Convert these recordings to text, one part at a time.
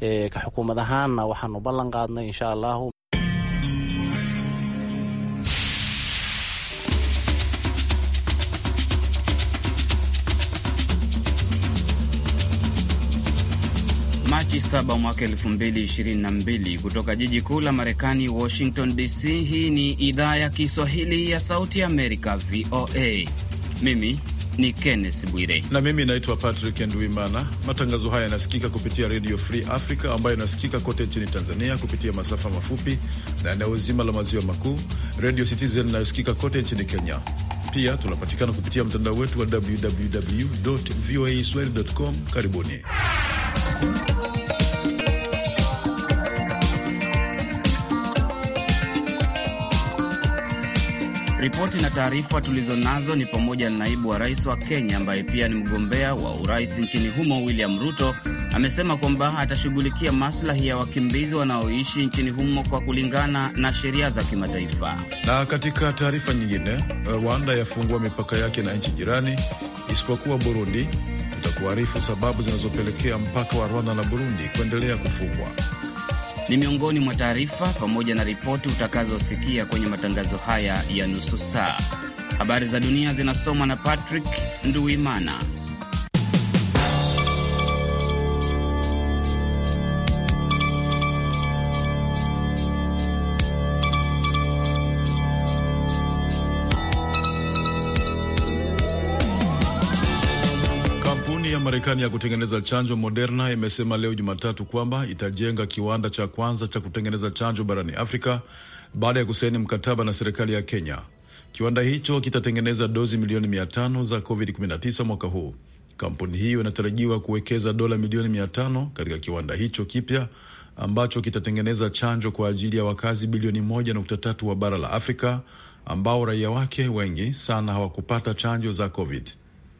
e, ka xukuumad ahaanna waxaanu ballan qaadnay insha allahu Machi 7 mwaka 2022 kutoka jiji kuu la Marekani, Washington DC. Hii ni idhaa ya Kiswahili ya Sauti Amerika, VOA. Mimi ni Kenneth Bwire na mimi naitwa Patrick Nduimana. Matangazo haya yanasikika kupitia Radio Free Africa ambayo inasikika kote nchini Tanzania kupitia masafa mafupi na eneo zima la maziwa makuu, Radio Citizen inayosikika kote nchini Kenya. Pia tunapatikana kupitia mtandao wetu wa www voa swahili com. Karibuni. Ripoti na taarifa tulizonazo ni pamoja na naibu wa rais wa Kenya ambaye pia ni mgombea wa urais nchini humo William Ruto amesema kwamba atashughulikia maslahi ya wakimbizi wanaoishi nchini humo kwa kulingana na sheria za kimataifa. Na katika taarifa nyingine, eh, Rwanda yafungua mipaka yake na nchi jirani isipokuwa Burundi. Tutakuarifu sababu zinazopelekea mpaka wa Rwanda na Burundi kuendelea kufungwa ni miongoni mwa taarifa pamoja na ripoti utakazosikia kwenye matangazo haya ya nusu saa. Habari za dunia zinasomwa na Patrick Nduimana. Marekani ya kutengeneza chanjo Moderna imesema leo Jumatatu kwamba itajenga kiwanda cha kwanza cha kutengeneza chanjo barani Afrika baada ya kusaini mkataba na serikali ya Kenya. Kiwanda hicho kitatengeneza dozi milioni mia tano za COVID-19 mwaka huu. Kampuni hiyo inatarajiwa kuwekeza dola milioni mia tano katika kiwanda hicho kipya ambacho kitatengeneza chanjo kwa ajili ya wakazi bilioni moja nukta tatu wa bara la Afrika ambao raia wake wengi sana hawakupata chanjo za COVID.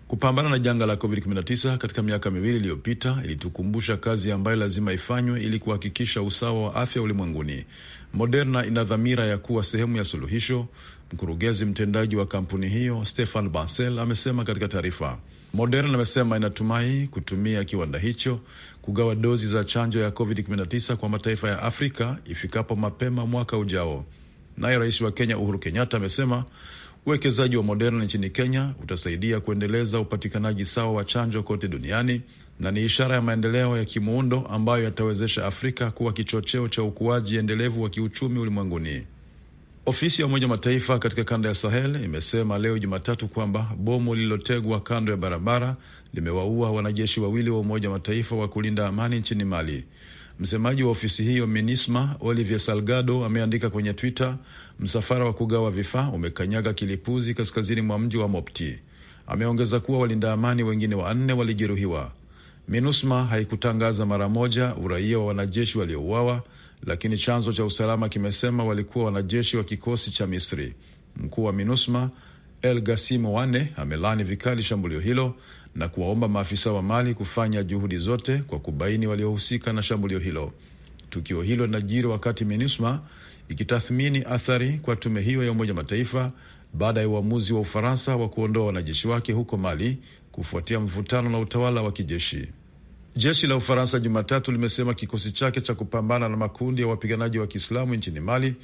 Kupambana na janga la COVID-19 katika miaka miwili iliyopita ilitukumbusha kazi ambayo lazima ifanywe ili kuhakikisha usawa wa afya ulimwenguni. Moderna ina dhamira ya kuwa sehemu ya suluhisho, mkurugenzi mtendaji wa kampuni hiyo Stefan Bancel amesema katika taarifa. Moderna amesema inatumai kutumia kiwanda hicho kugawa dozi za chanjo ya COVID-19 kwa mataifa ya Afrika ifikapo mapema mwaka ujao. Naye rais wa Kenya Uhuru Kenyatta amesema Uwekezaji wa Moderna nchini Kenya utasaidia kuendeleza upatikanaji sawa wa chanjo kote duniani na ni ishara ya maendeleo ya kimuundo ambayo yatawezesha Afrika kuwa kichocheo cha ukuaji endelevu wa kiuchumi ulimwenguni. Ofisi ya Umoja wa Mataifa katika kanda ya Sahel imesema leo Jumatatu kwamba bomu lililotegwa kando ya barabara limewaua wanajeshi wawili wa Umoja wa Mataifa wa kulinda amani nchini Mali. Msemaji wa ofisi hiyo MINISMA Olivier Salgado ameandika kwenye Twitter, msafara wa kugawa vifaa umekanyaga kilipuzi kaskazini mwa mji wa Mopti. Ameongeza kuwa walinda amani wengine wanne walijeruhiwa. MINUSMA haikutangaza mara moja uraia wa wanajeshi waliouawa, lakini chanzo cha usalama kimesema walikuwa wanajeshi wa kikosi cha Misri. Mkuu wa MINUSMA El Gasimo Wane amelani vikali shambulio hilo na kuwaomba maafisa wa Mali kufanya juhudi zote kwa kubaini waliohusika na shambulio hilo. Tukio hilo linajiri wakati MINUSMA ikitathmini athari kwa tume hiyo ya Umoja Mataifa baada ya uamuzi wa Ufaransa wa kuondoa wanajeshi wake huko Mali kufuatia mvutano na utawala wa kijeshi. Jeshi la Ufaransa Jumatatu limesema kikosi chake cha kupambana na makundi ya wapiganaji wa Kiislamu nchini Mali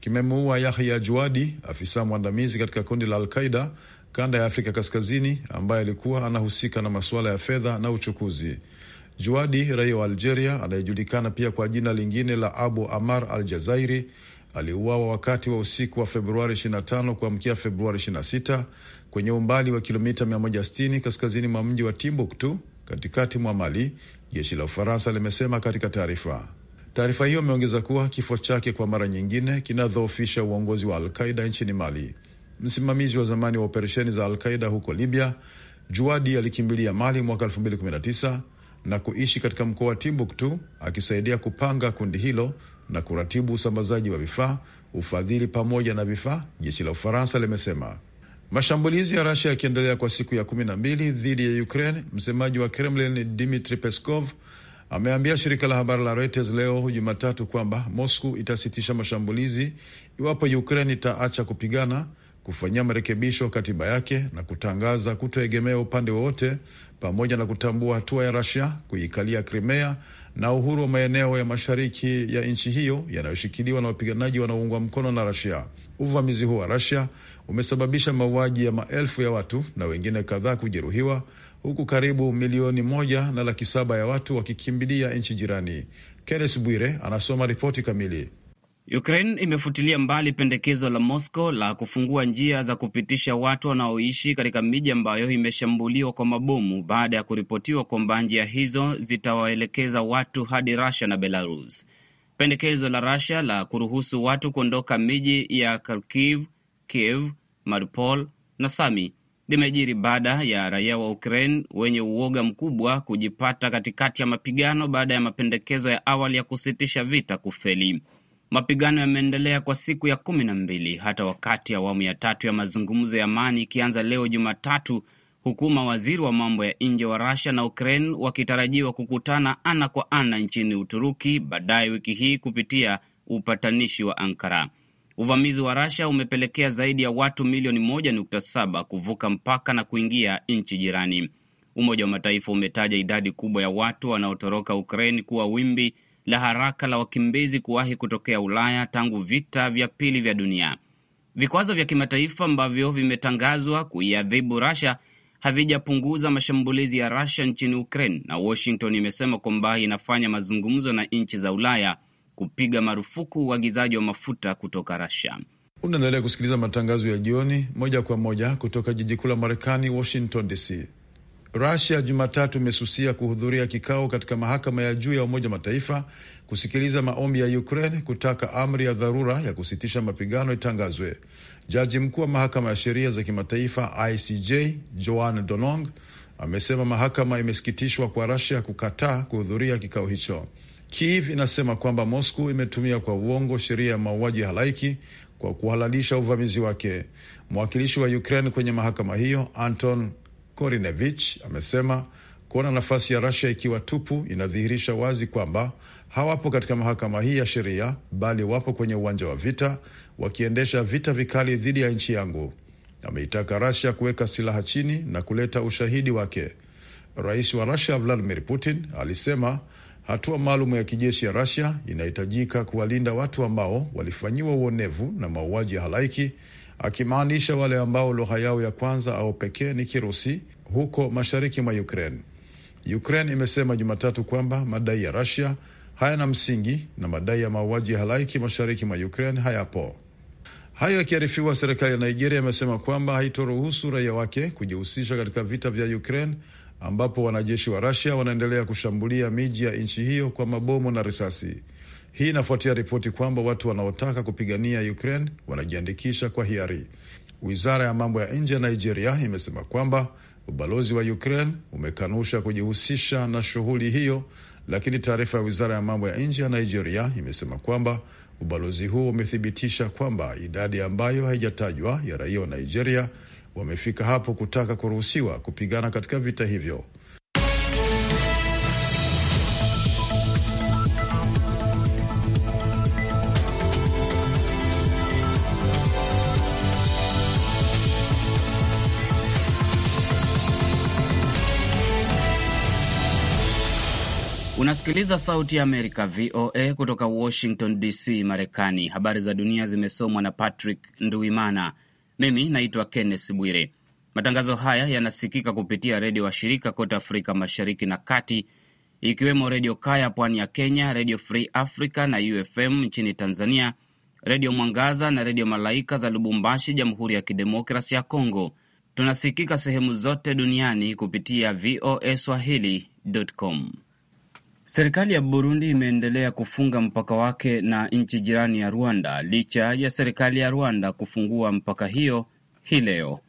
kimemuua Yahya Juadi, afisa mwandamizi katika kundi la Alqaida kanda ya Afrika Kaskazini, ambaye alikuwa anahusika na masuala ya fedha na uchukuzi. Juadi, raia wa Algeria anayejulikana pia kwa jina lingine la Abu Amar al Jazairi, aliuawa wakati wa usiku wa Februari 25 kuamkia Februari 26 kwenye umbali wa kilomita 160 kaskazini mwa mji wa Timbuktu, katikati mwa Mali, jeshi la Ufaransa limesema katika taarifa. Taarifa hiyo imeongeza kuwa kifo chake kwa mara nyingine kinadhoofisha uongozi wa Alqaida nchini Mali. Msimamizi wa zamani wa operesheni za Alqaida huko Libya, Juadi alikimbilia Mali mwaka 2019 na kuishi katika mkoa wa Timbuktu akisaidia kupanga kundi hilo na kuratibu usambazaji wa vifaa, ufadhili pamoja na vifaa, jeshi la Ufaransa limesema. Mashambulizi ya Rasia yakiendelea kwa siku ya kumi na mbili dhidi ya Ukraine, msemaji wa Kremlin Dmitri Peskov ameambia shirika la habari la Reuters leo Jumatatu kwamba Moscow itasitisha mashambulizi iwapo Ukraine itaacha kupigana kufanyia marekebisho katiba yake na kutangaza kutoegemea upande wowote, pamoja na kutambua hatua ya rasia kuikalia krimea na uhuru wa maeneo ya mashariki ya nchi hiyo yanayoshikiliwa na wapiganaji wanaoungwa mkono na rasia Uvamizi huu wa rasia umesababisha mauaji ya maelfu ya watu na wengine kadhaa kujeruhiwa huku karibu milioni moja na laki saba ya watu wakikimbilia nchi jirani. Kennes Bwire anasoma ripoti kamili. Ukraine imefutilia mbali pendekezo la Moscow la kufungua njia za kupitisha watu wanaoishi katika miji ambayo imeshambuliwa kwa mabomu baada ya kuripotiwa kwamba njia hizo zitawaelekeza watu hadi Russia na Belarus. Pendekezo la Russia la kuruhusu watu kuondoka miji ya Kharkiv, Kiev, Mariupol na Sami limejiri baada ya raia wa Ukraine wenye uoga mkubwa kujipata katikati ya mapigano baada ya mapendekezo ya awali ya kusitisha vita kufeli. Mapigano yameendelea kwa siku ya kumi na mbili hata wakati awamu ya tatu ya mazungumzo ya amani ikianza leo Jumatatu, huku mawaziri wa mambo ya nje wa rasia na Ukraine wakitarajiwa kukutana ana kwa ana nchini Uturuki baadaye wiki hii kupitia upatanishi wa Ankara. Uvamizi wa Russia umepelekea zaidi ya watu milioni moja kuvuka mpaka na kuingia nchi jirani. Umoja wa Mataifa umetaja idadi kubwa ya watu wanaotoroka Ukraine kuwa wimbi la haraka la wakimbizi kuwahi kutokea Ulaya tangu vita vya pili vya dunia. Vikwazo vya kimataifa ambavyo vimetangazwa kuiadhibu Russia havijapunguza mashambulizi ya Russia nchini Ukraine, na Washington imesema kwamba inafanya mazungumzo na nchi za Ulaya kupiga marufuku uagizaji wa mafuta kutoka Russia. Unaendelea kusikiliza matangazo ya jioni moja kwa moja kutoka jiji kuu la Marekani, Washington DC. Rusia Jumatatu imesusia kuhudhuria kikao katika mahakama ya juu ya Umoja Mataifa kusikiliza maombi ya Ukraine kutaka amri ya dharura ya kusitisha mapigano itangazwe. Jaji mkuu wa mahakama ya sheria za kimataifa ICJ Joan Donong amesema mahakama imesikitishwa kwa Rusia kukataa kuhudhuria kikao hicho. Kiev inasema kwamba Moscow imetumia kwa uongo sheria ya mauaji halaiki kwa kuhalalisha uvamizi wake. Mwakilishi wa Ukraine kwenye mahakama hiyo Anton Korinevich amesema kuona nafasi ya Russia ikiwa tupu inadhihirisha wazi kwamba hawapo katika mahakama hii ya sheria, bali wapo kwenye uwanja wa vita wakiendesha vita vikali dhidi ya nchi yangu. Ameitaka Russia kuweka silaha chini na kuleta ushahidi wake. Rais wa Russia Vladimir Putin alisema hatua maalum ya kijeshi ya Russia inahitajika kuwalinda watu ambao walifanyiwa uonevu na mauaji ya halaiki akimaanisha wale ambao lugha yao ya kwanza au pekee ni Kirusi huko mashariki mwa Ukraine. Ukraine imesema Jumatatu kwamba madai ya Russia hayana msingi na madai ya mauaji halaiki mashariki mwa Ukraine hayapo. Hayo yakiarifiwa, serikali ya Nigeria imesema kwamba haitoruhusu raia wake kujihusisha katika vita vya Ukraine ambapo wanajeshi wa Russia wanaendelea kushambulia miji ya nchi hiyo kwa mabomu na risasi. Hii inafuatia ripoti kwamba watu wanaotaka kupigania Ukraine wanajiandikisha kwa hiari. Wizara ya mambo ya nje ya Nigeria imesema kwamba ubalozi wa Ukraine umekanusha kujihusisha na shughuli hiyo, lakini taarifa ya wizara ya mambo ya nje ya Nigeria imesema kwamba ubalozi huo umethibitisha kwamba idadi ambayo haijatajwa ya raia wa Nigeria wamefika hapo kutaka kuruhusiwa kupigana katika vita hivyo. Unasikiliza Sauti ya Amerika, VOA, kutoka Washington DC, Marekani. Habari za dunia zimesomwa na Patrick Nduimana. Mimi naitwa Kenneth Bwire. Matangazo haya yanasikika kupitia redio wa shirika kote Afrika Mashariki na Kati, ikiwemo Redio Kaya pwani ya Kenya, Redio Free Africa na UFM nchini Tanzania, Redio Mwangaza na Redio Malaika za Lubumbashi, Jamhuri ya Kidemokrasi ya congo Tunasikika sehemu zote duniani kupitia voa swahili.com. Serikali ya Burundi imeendelea kufunga mpaka wake na nchi jirani ya Rwanda licha ya serikali ya Rwanda kufungua mpaka hiyo hii leo.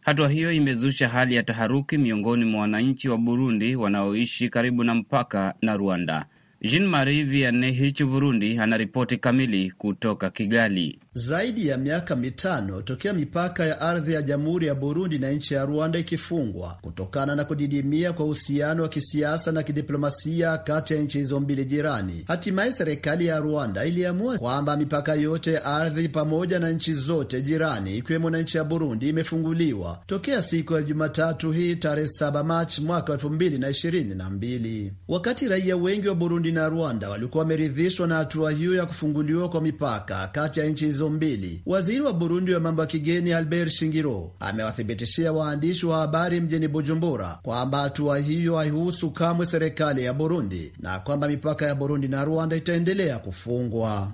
Hatua hiyo imezusha hali ya taharuki miongoni mwa wananchi wa Burundi wanaoishi karibu na mpaka na Rwanda. Jean Marie Vianney Hichu, Burundi, anaripoti kamili kutoka Kigali zaidi ya miaka mitano tokea mipaka ya ardhi ya Jamhuri ya Burundi na nchi ya Rwanda ikifungwa kutokana na kudidimia kwa uhusiano wa kisiasa na kidiplomasia kati ya nchi hizo mbili jirani. Hatimaye serikali ya Rwanda iliamua kwamba mipaka yote ya ardhi pamoja na nchi zote jirani ikiwemo na nchi ya Burundi imefunguliwa tokea siku ya Jumatatu hii tarehe 7 Machi mwaka 2022. Wakati raia wengi wa Burundi na Rwanda walikuwa wameridhishwa na hatua hiyo ya kufunguliwa kwa mipaka kati ya nchi hizo mbili. Waziri wa Burundi wa mambo ya kigeni Albert Shingiro amewathibitishia waandishi wa habari mjini Bujumbura kwamba hatua hiyo haihusu kamwe serikali ya Burundi na kwamba mipaka ya Burundi na Rwanda itaendelea kufungwa.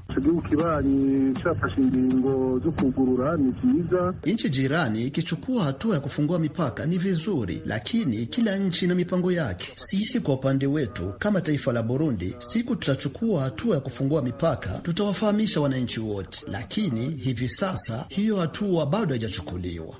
Nchi jirani ikichukua hatua ya kufungua mipaka ni vizuri, lakini kila nchi ina mipango yake. Sisi kwa upande wetu kama taifa la Burundi, siku tutachukua hatua ya kufungua mipaka, tutawafahamisha wananchi wote, lakini lakini hivi sasa hiyo hatua bado haijachukuliwa.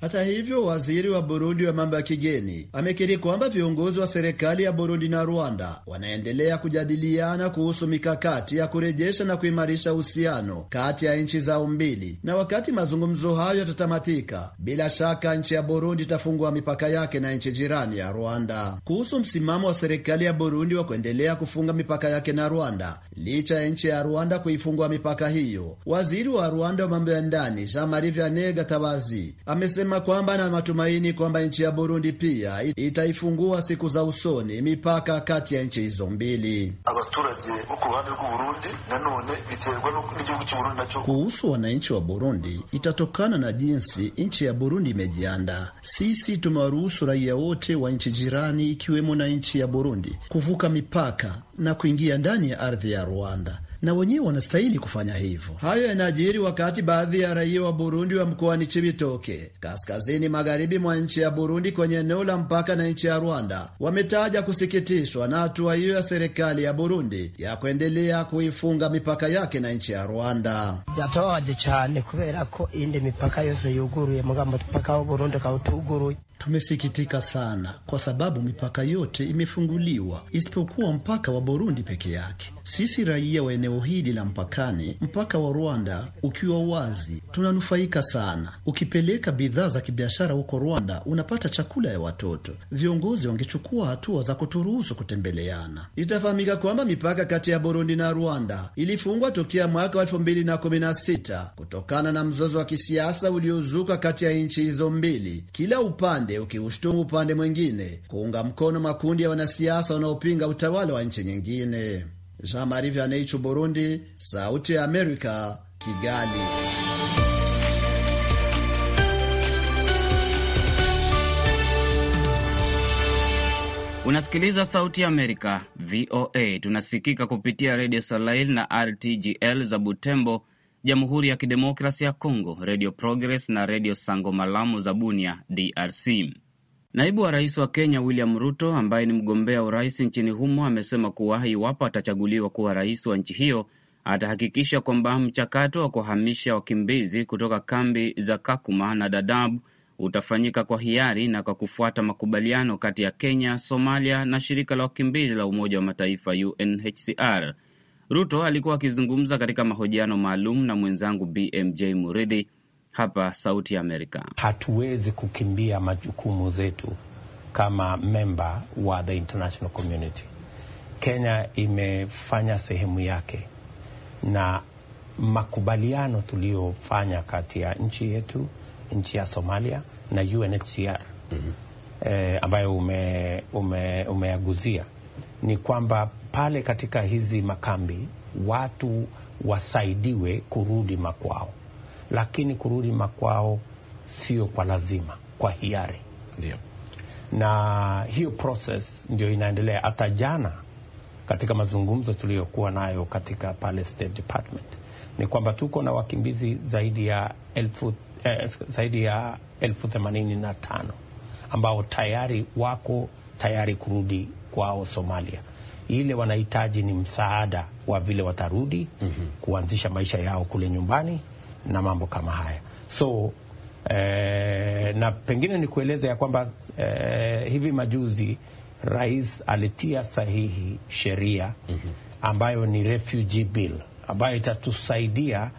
Hata hivyo, waziri wa Burundi wa mambo ya kigeni amekiri kwamba viongozi wa serikali ya Burundi na Rwanda wanaendelea kujadiliana kuhusu mikakati ya kurejesha na kuimarisha uhusiano kati ya nchi zao mbili, na wakati mazungumzo hayo yatatamatika, bila shaka nchi ya Burundi itafungua mipaka yake na nchi jirani ya Rwanda. Kuhusu msimamo wa serikali ya Burundi wa kuendelea kufunga mipaka yake na Rwanda licha ya nchi ya Rwanda Rwanda kuifungua mipaka hiyo. Waziri wa Rwanda wa mambo ya ndani Jean-Marie Vianney Gatabazi amesema kwamba na matumaini kwamba nchi ya Burundi pia itaifungua siku za usoni mipaka kati ya nchi hizo mbili. Kuhusu wananchi wa Burundi, itatokana na jinsi nchi ya Burundi imejiandaa. Sisi tumewaruhusu raia wote wa nchi jirani ikiwemo na nchi ya Burundi kuvuka mipaka na kuingia ndani ya ardhi ya Rwanda na wenyewe wanastahili kufanya hivyo. Hayo yanajiri wakati baadhi ya raia wa Burundi wa mkoani Chibitoke, kaskazini magharibi mwa nchi ya Burundi, kwenye eneo la mpaka na nchi ya Rwanda, wametaja kusikitishwa na hatua hiyo ya serikali ya Burundi ya kuendelea kuifunga mipaka yake na nchi ya Rwanda. byatababaje cyane kubera ko indi mipaka yose yuguruye mpaka wa Burundi Tumesikitika sana kwa sababu mipaka yote imefunguliwa isipokuwa mpaka wa Burundi peke yake. Sisi raia wa eneo hili la mpakani, mpaka wa Rwanda ukiwa wazi, tunanufaika sana. Ukipeleka bidhaa za kibiashara huko Rwanda, unapata chakula ya watoto. Viongozi wangechukua hatua za kuturuhusu kutembeleana. Itafahamika kwamba mipaka kati ya Burundi na Rwanda ilifungwa tokea mwaka wa elfu mbili na kumi na sita kutokana na mzozo wa kisiasa uliozuka kati ya nchi hizo mbili, kila upande upande ukiushtumu upande mwingine kuunga mkono makundi ya wanasiasa wanaopinga utawala wa nchi nyingine. Jean Marie Vianney, Burundi, Sauti ya Amerika, Kigali. Unasikiliza Sauti ya Amerika, VOA. Tunasikika kupitia redio Salail na RTGL za Butembo Jamhuri ya Kidemokrasi ya Kongo, Redio Progress na Redio Sango Malamu za Bunia, DRC. Naibu wa rais wa Kenya William Ruto, ambaye ni mgombea urais nchini humo, amesema kuwa iwapo atachaguliwa kuwa rais wa nchi hiyo atahakikisha kwamba mchakato wa kuhamisha wakimbizi kutoka kambi za Kakuma na Dadaab utafanyika kwa hiari na kwa kufuata makubaliano kati ya Kenya, Somalia na shirika la wakimbizi la Umoja wa Mataifa, UNHCR. Ruto alikuwa akizungumza katika mahojiano maalum na mwenzangu BMJ Muridhi hapa Sauti ya Amerika. Hatuwezi kukimbia majukumu zetu kama memba wa the international community. Kenya imefanya sehemu yake na makubaliano tuliyofanya kati ya nchi yetu, nchi ya Somalia na UNHCR mm -hmm. eh, ambayo umeaguzia ume ni kwamba pale katika hizi makambi watu wasaidiwe kurudi makwao, lakini kurudi makwao sio kwa lazima, kwa hiari yeah. Na hiyo proses ndio inaendelea. Hata jana katika mazungumzo tuliyokuwa nayo katika pale State Department ni kwamba tuko na wakimbizi zaidi ya elfu, eh, zaidi ya elfu themanini na tano ambao tayari wako tayari kurudi kwao Somalia ile wanahitaji ni msaada wa vile watarudi mm -hmm. kuanzisha maisha yao kule nyumbani na mambo kama haya so eh, na pengine ni kueleza ya kwamba eh, hivi majuzi rais alitia sahihi sheria mm -hmm. ambayo ni refugee bill ambayo itatusaidia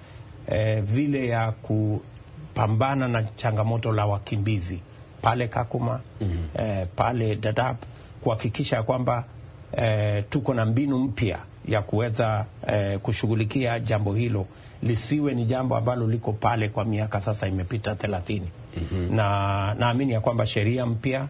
eh, vile ya kupambana na changamoto la wakimbizi pale Kakuma mm -hmm. eh, pale Dadaab kuhakikisha kwamba eh, tuko na mbinu mpya ya kuweza eh, kushughulikia jambo hilo lisiwe ni jambo ambalo liko pale kwa miaka sasa imepita thelathini. mm -hmm. Na naamini ya kwamba sheria mpya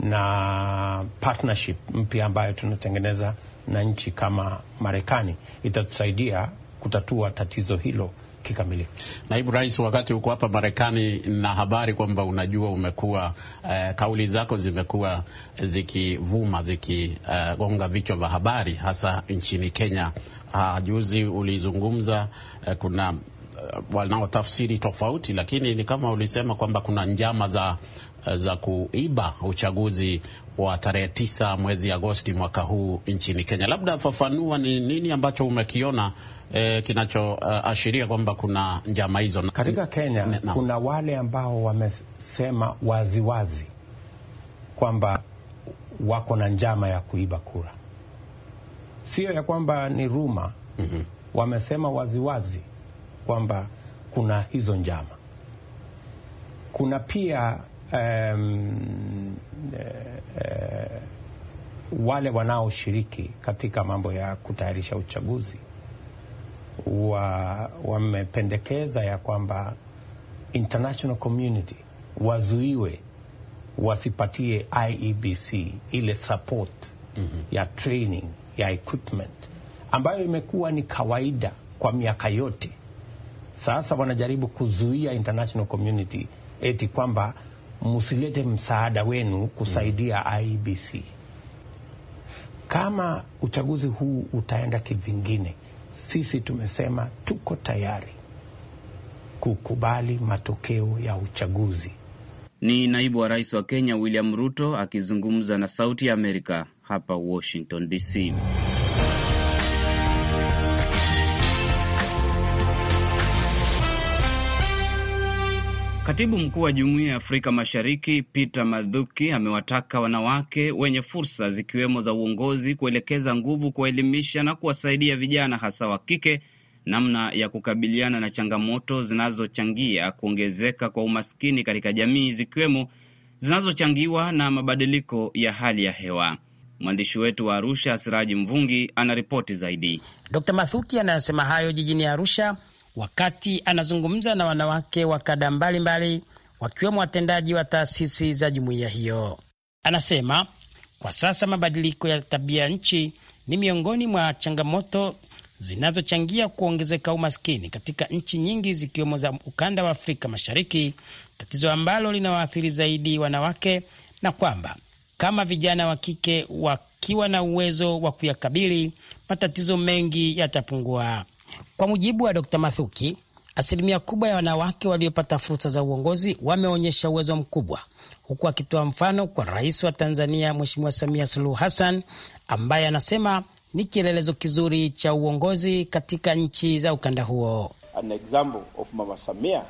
na partnership mpya ambayo tunatengeneza na nchi kama Marekani itatusaidia kutatua tatizo hilo kikamilifu. Naibu Rais, wakati uko hapa Marekani na habari kwamba unajua umekuwa eh, kauli zako zimekuwa zikivuma zikigonga eh, vichwa vya habari hasa nchini Kenya. Ah, juzi ulizungumza eh, kuna eh, wanaotafsiri tofauti, lakini ni kama ulisema kwamba kuna njama za, eh, za kuiba uchaguzi wa tarehe tisa mwezi Agosti mwaka huu nchini Kenya. Labda fafanua ni nini ambacho umekiona eh, kinachoashiria uh, kwamba kuna njama hizo katika Kenya na, Kuna wale ambao wamesema waziwazi kwamba wako na njama ya kuiba kura, sio ya kwamba ni ruma mm -hmm. Wamesema waziwazi kwamba kuna hizo njama. Kuna pia um, uh, wale wanaoshiriki katika mambo ya kutayarisha uchaguzi wamependekeza wa ya kwamba international community wazuiwe wasipatie IEBC ile support mm -hmm. ya training ya equipment ambayo imekuwa ni kawaida kwa miaka yote. Sasa wanajaribu kuzuia international community eti kwamba msilete msaada wenu kusaidia mm. IEBC. Kama uchaguzi huu utaenda kivingine, sisi tumesema tuko tayari kukubali matokeo ya uchaguzi. Ni naibu wa rais wa Kenya William Ruto akizungumza na Sauti ya Amerika hapa Washington DC. Katibu mkuu wa Jumuiya ya Afrika Mashariki Peter madhuki amewataka wanawake wenye fursa zikiwemo za uongozi kuelekeza nguvu kuwaelimisha na kuwasaidia vijana hasa wa kike namna ya kukabiliana na changamoto zinazochangia kuongezeka kwa umaskini katika jamii zikiwemo zinazochangiwa na mabadiliko ya hali ya hewa. Mwandishi wetu wa Arusha Siraji Mvungi anaripoti zaidi. d Mathuki anayosema hayo jijini Arusha wakati anazungumza na wanawake wa kada mbalimbali, wakiwemo watendaji wa taasisi za jumuiya hiyo. Anasema kwa sasa mabadiliko ya tabia nchi ni miongoni mwa changamoto zinazochangia kuongezeka umaskini katika nchi nyingi zikiwemo za ukanda wa Afrika Mashariki, tatizo ambalo linawaathiri zaidi wanawake, na kwamba kama vijana wa kike wakiwa na uwezo wa kuyakabili matatizo mengi yatapungua. Kwa mujibu wa Dr. Mathuki, asilimia kubwa ya wanawake waliopata fursa za uongozi wameonyesha uwezo mkubwa, huku akitoa mfano kwa rais wa Tanzania Mheshimiwa Samia Suluhu Hassan ambaye anasema ni kielelezo kizuri cha uongozi katika nchi za ukanda huo. An example of Mama Samia.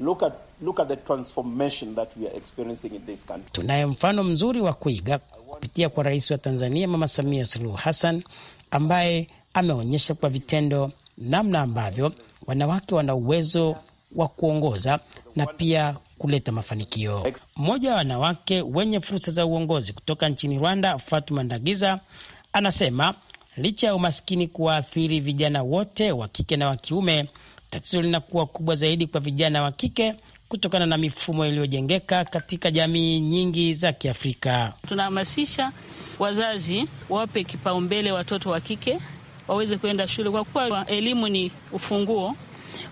Look at, look at the transformation that we are experiencing in this country. Tunaye mfano mzuri wa kuiga kupitia kwa rais wa Tanzania Mama Samia Suluhu Hassan ambaye ameonyesha kwa vitendo namna ambavyo wanawake wana uwezo wa kuongoza na pia kuleta mafanikio. Mmoja wa wanawake wenye fursa za uongozi kutoka nchini Rwanda, Fatuma Ndagiza, anasema licha ya umaskini kuwaathiri vijana wote wa kike na wa kiume, tatizo linakuwa kubwa zaidi kwa vijana wa kike kutokana na mifumo iliyojengeka katika jamii nyingi za Kiafrika. Tunahamasisha wazazi wawape kipaumbele watoto wa kike waweze kuenda shule, kwa kuwa elimu ni ufunguo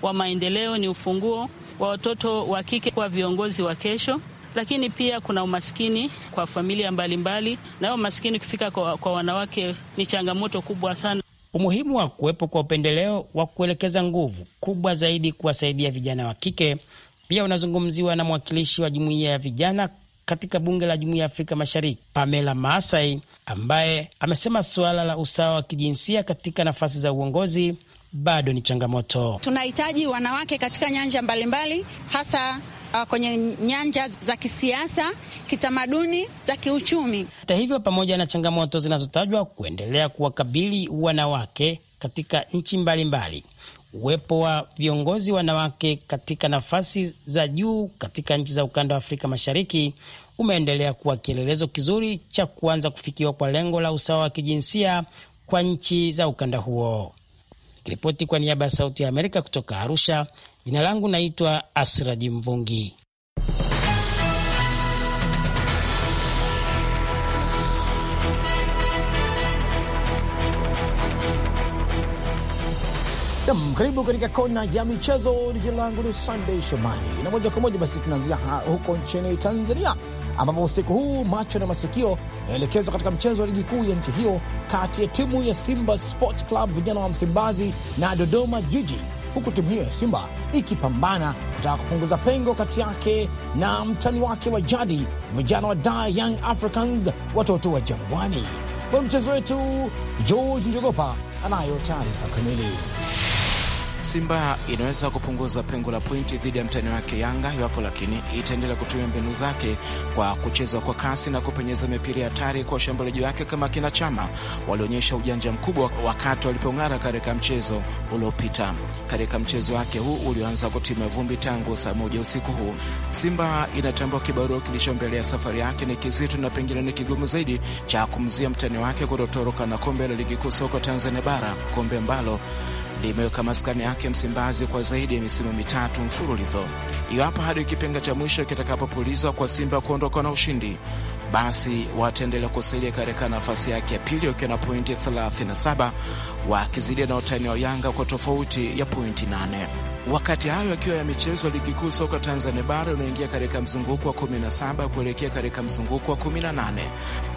wa maendeleo, ni ufunguo wa watoto wa kike kuwa viongozi wa kesho. Lakini pia kuna umaskini kwa familia mbalimbali, na umaskini ukifika kwa, kwa wanawake ni changamoto kubwa sana. Umuhimu wa kuwepo kwa upendeleo wa kuelekeza nguvu kubwa zaidi kuwasaidia vijana wa kike pia unazungumziwa na mwakilishi wa jumuiya ya vijana katika bunge la Jumuiya ya Afrika Mashariki Pamela Maasai, ambaye amesema suala la usawa wa kijinsia katika nafasi za uongozi bado ni changamoto. Tunahitaji wanawake katika nyanja mbalimbali hasa Uh, kwenye nyanja za kisiasa, kitamaduni, za kiuchumi. Hata hivyo, pamoja na changamoto zinazotajwa kuendelea kuwakabili wanawake katika nchi mbalimbali mbali uwepo wa viongozi wanawake katika nafasi za juu katika nchi za ukanda wa Afrika Mashariki umeendelea kuwa kielelezo kizuri cha kuanza kufikiwa kwa lengo la usawa wa kijinsia kwa nchi za ukanda huo. Ripoti kwa niaba ya Sauti ya Amerika kutoka Arusha, jina langu naitwa Asraji Mvungi. Nam, karibu katika kona ya michezo. Jina langu ni Sunday Shomari na moja kwa moja basi tunaanzia huko nchini Tanzania, ambapo usiku huu macho na masikio yaelekezwa katika mchezo wa ligi kuu ya nchi hiyo kati ya timu ya Simba Sports Club vijana wa Msimbazi na Dodoma Jiji, huku timu hiyo ya Simba ikipambana kutaka kupunguza pengo kati yake na mtani wake wa jadi vijana wa da Young Africans, watoto wa Jangwani. Kwa mchezo wetu, George Njogopa anayo taarifa kamili. Simba inaweza kupunguza pengo la pointi dhidi ya mtani wake Yanga iwapo lakini itaendelea kutumia mbinu zake kwa kucheza kwa kasi na kupenyeza mipira hatari kwa washambuliaji wake kama kina Chama walionyesha ujanja mkubwa wakati walipong'ara katika mchezo uliopita. Katika mchezo wake huu ulioanza kutima vumbi tangu saa moja usiku huu, Simba inatambua kibarua kilicho mbele ya safari yake ni kizito na pengine ni kigumu zaidi cha kumzuia mtani wake kutotoroka na kombe la ligi kuu soka Tanzania bara, kombe ambalo limeweka maskani yake Msimbazi kwa zaidi ya misimu mitatu mfululizo. Iwapo hadi kipenga cha mwisho kitakapopulizwa kwa Simba kuondoka na ushindi, basi wataendelea kusalia katika nafasi yake ya pili wakiwa na pointi 37 wakizidia na utani wa Yanga kwa tofauti ya pointi 8. Wakati hayo yakiwa yamechezwa, ligi kuu soka Tanzania bara unaingia katika mzunguko wa 17 kuelekea katika mzunguko wa 18.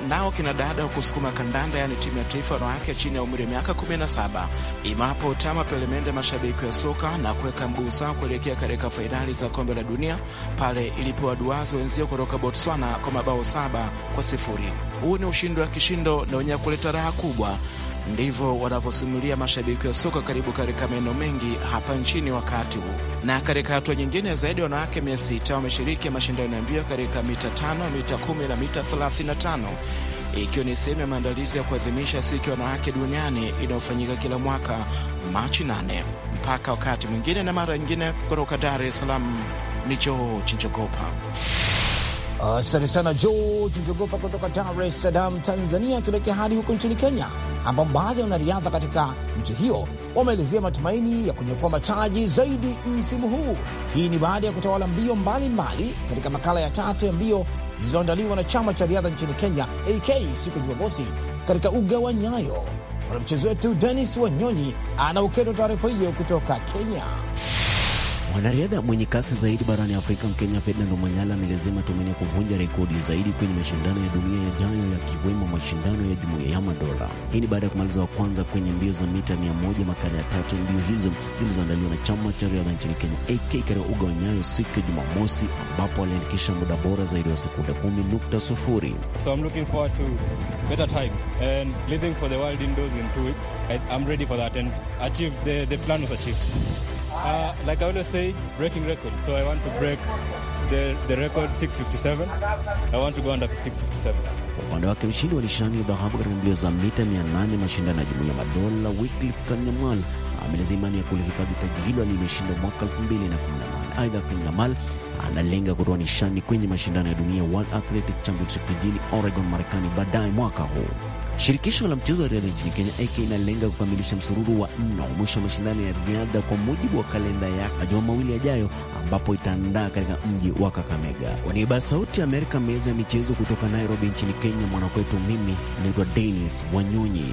Nao kina dada wa kusukuma kandanda, yaani timu ya taifa wanawake chini ya umri wa miaka 17 imapo tama pelemende mashabiki ya soka na kuweka mguu sawa kuelekea katika fainali za kombe la dunia pale ilipowaduaza wenzio kutoka Botswana kwa mabao saba kwa sifuri. Huu ni ushindi wa kishindo na wenye kuleta raha kubwa Ndivyo wanavyosimulia mashabiki wa soka karibu katika maeneo mengi hapa nchini wakati huu. Na katika hatua nyingine, zaidi ya wanawake mia sita wameshiriki mashindano ya mbio katika mita tano, mita kumi na mita thelathini na tano ikiwa ni sehemu ya maandalizi ya kuadhimisha siku ya wanawake duniani inayofanyika kila mwaka Machi nane. Mpaka wakati mwingine na mara nyingine, kutoka Dar es Salaam ni Choo Chinjogopa. Asante ah, uh, sana George Njogopa kutoka Dar es Salaam, Tanzania. Tuelekea hadi huko nchini Kenya, ambapo baadhi ya wanariadha katika nchi hiyo wameelezea matumaini ya kunyakua mataji zaidi msimu huu. Hii ni baada ya kutawala mbio mbalimbali katika makala ya tatu ya mbio zilizoandaliwa na chama cha riadha nchini Kenya, AK, siku ya Jumamosi katika uga wa Nyayo. Mwanamchezo wetu Denis Wanyonyi anauketwa taarifa hiyo kutoka Kenya. Mwanariadha mwenye kasi zaidi barani Afrika, Mkenya Ferdinand Omanyala amelezea ya kuvunja rekodi zaidi kwenye mashindano ya dunia yajayo, yakiwemo mashindano ya jumuiya ya madola. Hii ni baada ya kumaliza wa kwanza kwenye mbio za mita 1 makala ya tatu mbio hizo zilizoandaliwa na chama cha riadha nchini Kenya AK katika uga wa Nyayo siku ya Jumamosi, ambapo aliandikisha muda bora zaidi wa sekunde 1 So I'm looking Uh, like I always say, breaking record. So I want to break the, the record 657. I want to go under 657. Kwa upande wake mshindi wa nishani ya dhahabu katika mbio za mita 800 mashindano ya jumuiya madola Wycliffe Kanyamal ameleza imani ya kulihifadhi taji hilo aliloshinda mwaka 2018. Aidha, Kanyamal analenga kutoa nishani kwenye mashindano ya dunia World Athletic Championship jijini Oregon, Marekani baadaye mwaka huu. Shirikisho la mchezo wa riadha nchini Kenya AK inalenga kukamilisha msururu wa nne wa mwisho wa mashindano ya riadha kwa mujibu wa kalenda ya majuma mawili yajayo, ambapo itaandaa katika mji wa Kakamega. Kwa niaba ya Sauti ya Amerika, meza ya michezo kutoka Nairobi nchini Kenya, mwanakwetu, mimi naitwa Dennis Wanyonyi.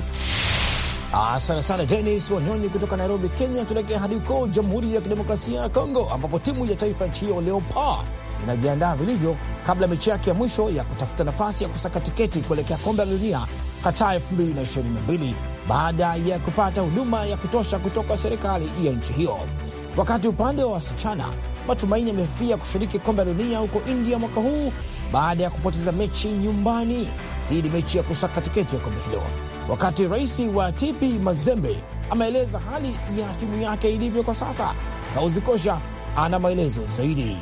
Asante sana Denis Wanyonyi kutoka Nairobi, Kenya. Tuelekea hadi huko Jamhuri ya Kidemokrasia ya Kongo, ambapo timu ya taifa nchi hiyo Leopards inajiandaa vilivyo kabla ya mechi yake ya mwisho ya kutafuta nafasi ya kusaka tiketi kuelekea kombe la dunia Qatar 2022 baada ya kupata huduma ya kutosha kutoka serikali ya nchi hiyo. Wakati upande wa wasichana, matumaini yamefifia kushiriki kombe la dunia huko India mwaka huu baada ya kupoteza mechi nyumbani. Hii ni mechi ya kusaka tiketi ya kombe hilo wakati rais wa TP Mazembe ameeleza hali ya timu yake ilivyo kwa sasa. Kauzi Kosha ana maelezo zaidi.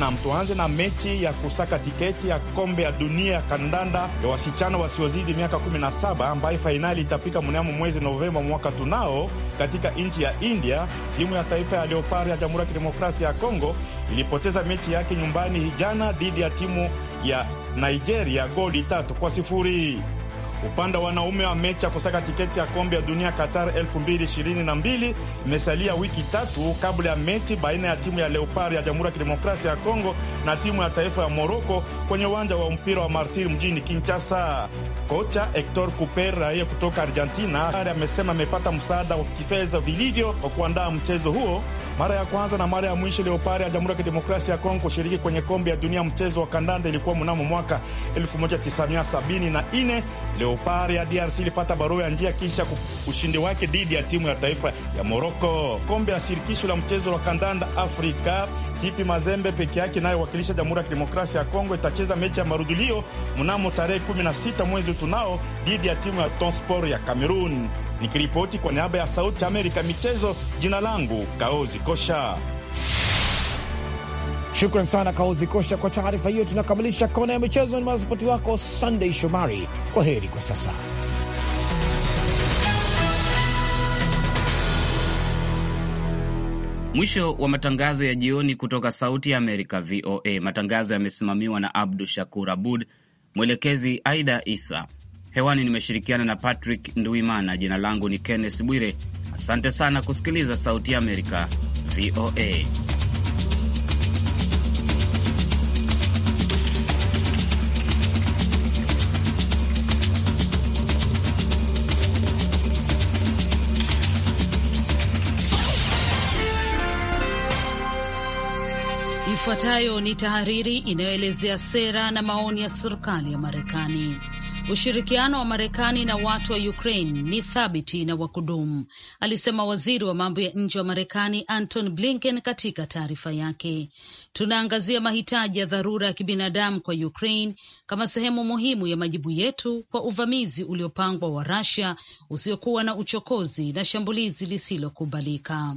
Nam, tuanze na mechi ya kusaka tiketi ya kombe ya dunia ya kandanda ya wasichana wasiozidi miaka 17 ambayo fainali itapika mnamo mwezi Novemba mwaka tunao katika nchi ya India. Timu ya taifa ya Leopard ya Jamhuri ya Kidemokrasia ya Kongo ilipoteza mechi yake nyumbani jana dhidi ya timu ya Nigeria goli tatu kwa sifuri. Upande wa wanaume wa mechi ya kusaka tiketi ya kombe ya dunia Qatar 2022 imesalia wiki tatu kabla ya mechi baina ya timu ya Leopard ya Jamhuri ya Kidemokrasia ya Kongo na timu ya taifa ya Moroko kwenye uwanja wa mpira wa Martir mjini Kinshasa. Kocha Hector Cuper raia kutoka Argentina amesema amepata msaada wa kifedha vilivyo kwa kuandaa mchezo huo mara ya kwanza na mara ya mwisho Leopari ya Jamhuri ya Kidemokrasia ya Kongo kushiriki kwenye kombe ya dunia mchezo wa kandanda ilikuwa mnamo mwaka 1974. Leopari ya DRC ilipata barua ya njia kisha ushindi wake dhidi ya timu ya taifa ya Moroko. Kombe ya shirikisho la mchezo wa kandanda Afrika, Tipi Mazembe peke yake inayowakilisha Jamhuri ya Kidemokrasia ya Kongo itacheza mechi ya marudulio mnamo tarehe 16 mwezi tunao dhidi ya timu ya Tonspor ya Kamerun. Nikiripoti kwa niaba ya Sauti ya Amerika michezo, jina langu Kaozi Kosha. Shukran sana Kaozi Kosha kwa taarifa hiyo. Tunakamilisha kona ya michezo. Ni maripoti wako Sunday Shomari. Kwa heri kwa sasa. Mwisho wa matangazo ya jioni kutoka Sauti ya Amerika, VOA. Matangazo yamesimamiwa na Abdu Shakur Abud, mwelekezi Aida Isa. Hewani nimeshirikiana na Patrick Nduimana. Jina langu ni Kenneth Bwire. Asante sana kusikiliza Sauti ya Amerika, VOA. Ifuatayo ni tahariri inayoelezea sera na maoni ya serikali ya Marekani. Ushirikiano wa Marekani na watu wa Ukraine ni thabiti na wa kudumu, alisema waziri wa mambo ya nje wa Marekani Anton Blinken katika taarifa yake. Tunaangazia mahitaji ya dharura ya kibinadamu kwa Ukraine kama sehemu muhimu ya majibu yetu kwa uvamizi uliopangwa wa Russia usiokuwa na uchokozi na shambulizi lisilokubalika.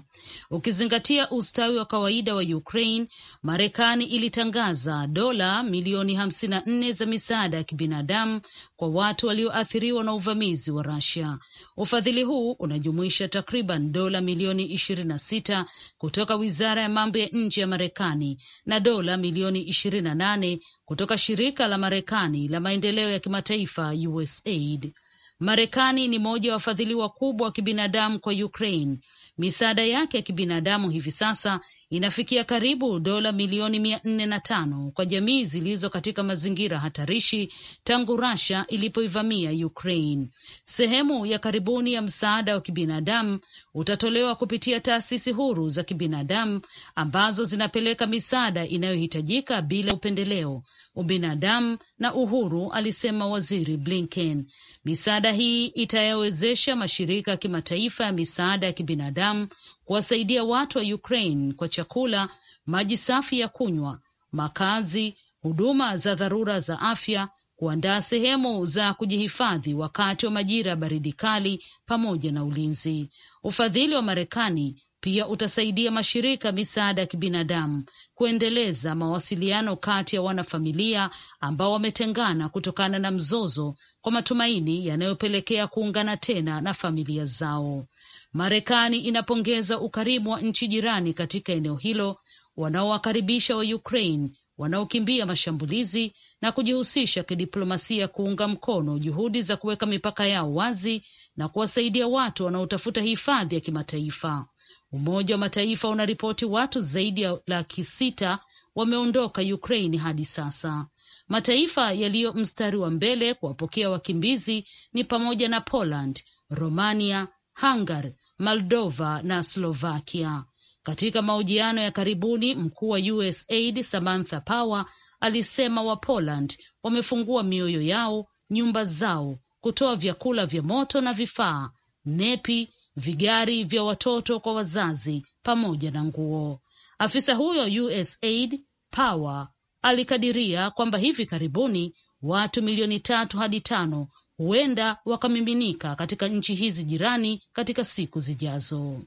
Ukizingatia ustawi wa kawaida wa Ukraine, Marekani ilitangaza dola milioni 54 za misaada ya kibinadamu kwa watu walioathiriwa na uvamizi wa rasia Ufadhili huu unajumuisha takriban dola milioni ishirini na sita kutoka wizara ya mambo ya nje ya Marekani na dola milioni ishirini na nane kutoka shirika la Marekani la maendeleo ya kimataifa USAID. Marekani ni moja ya wafadhili wakubwa wa kibinadamu kwa Ukraine Misaada yake ya kibinadamu hivi sasa inafikia karibu dola milioni mia nne na tano kwa jamii zilizo katika mazingira hatarishi tangu Russia ilipoivamia Ukraine. Sehemu ya karibuni ya msaada wa kibinadamu utatolewa kupitia taasisi huru za kibinadamu ambazo zinapeleka misaada inayohitajika bila upendeleo, ubinadamu na uhuru, alisema Waziri Blinken. Misaada hii itayawezesha mashirika ya kimataifa ya misaada ya kibinadamu kuwasaidia watu wa Ukraine kwa chakula, maji safi ya kunywa, makazi, huduma za dharura za afya, kuandaa sehemu za kujihifadhi wakati wa majira ya baridi kali, pamoja na ulinzi. Ufadhili wa Marekani pia utasaidia mashirika misaada ya kibinadamu kuendeleza mawasiliano kati ya wanafamilia ambao wametengana kutokana na mzozo, kwa matumaini yanayopelekea kuungana tena na familia zao. Marekani inapongeza ukarimu wa nchi jirani katika eneo hilo wanaowakaribisha wa Ukraine wanaokimbia mashambulizi na kujihusisha kidiplomasia kuunga mkono juhudi za kuweka mipaka yao wazi na kuwasaidia watu wanaotafuta hifadhi ya kimataifa. Umoja wa Mataifa unaripoti watu zaidi ya laki sita wameondoka Ukraine hadi sasa. Mataifa yaliyo mstari wa mbele kuwapokea wakimbizi ni pamoja na Poland, Romania, Hungary, Moldova na Slovakia. Katika mahojiano ya karibuni, mkuu wa USAID Samantha Power alisema wa Poland wamefungua mioyo yao, nyumba zao, kutoa vyakula vya moto na vifaa, nepi vigari vya watoto kwa wazazi pamoja na nguo. Afisa huyo USAID Power alikadiria kwamba hivi karibuni watu milioni tatu hadi tano huenda wakamiminika katika nchi hizi jirani katika siku zijazo.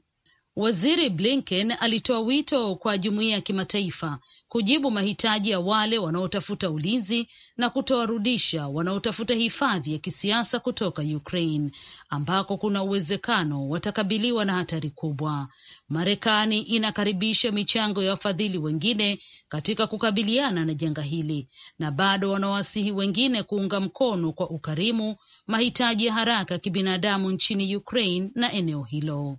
Waziri Blinken alitoa wito kwa jumuiya ya kimataifa kujibu mahitaji ya wale wanaotafuta ulinzi na kutowarudisha wanaotafuta hifadhi ya kisiasa kutoka Ukraine ambako kuna uwezekano watakabiliwa na hatari kubwa. Marekani inakaribisha michango ya wafadhili wengine katika kukabiliana na janga hili na bado wanawasihi wengine kuunga mkono kwa ukarimu mahitaji ya haraka ya kibinadamu nchini Ukraine na eneo hilo.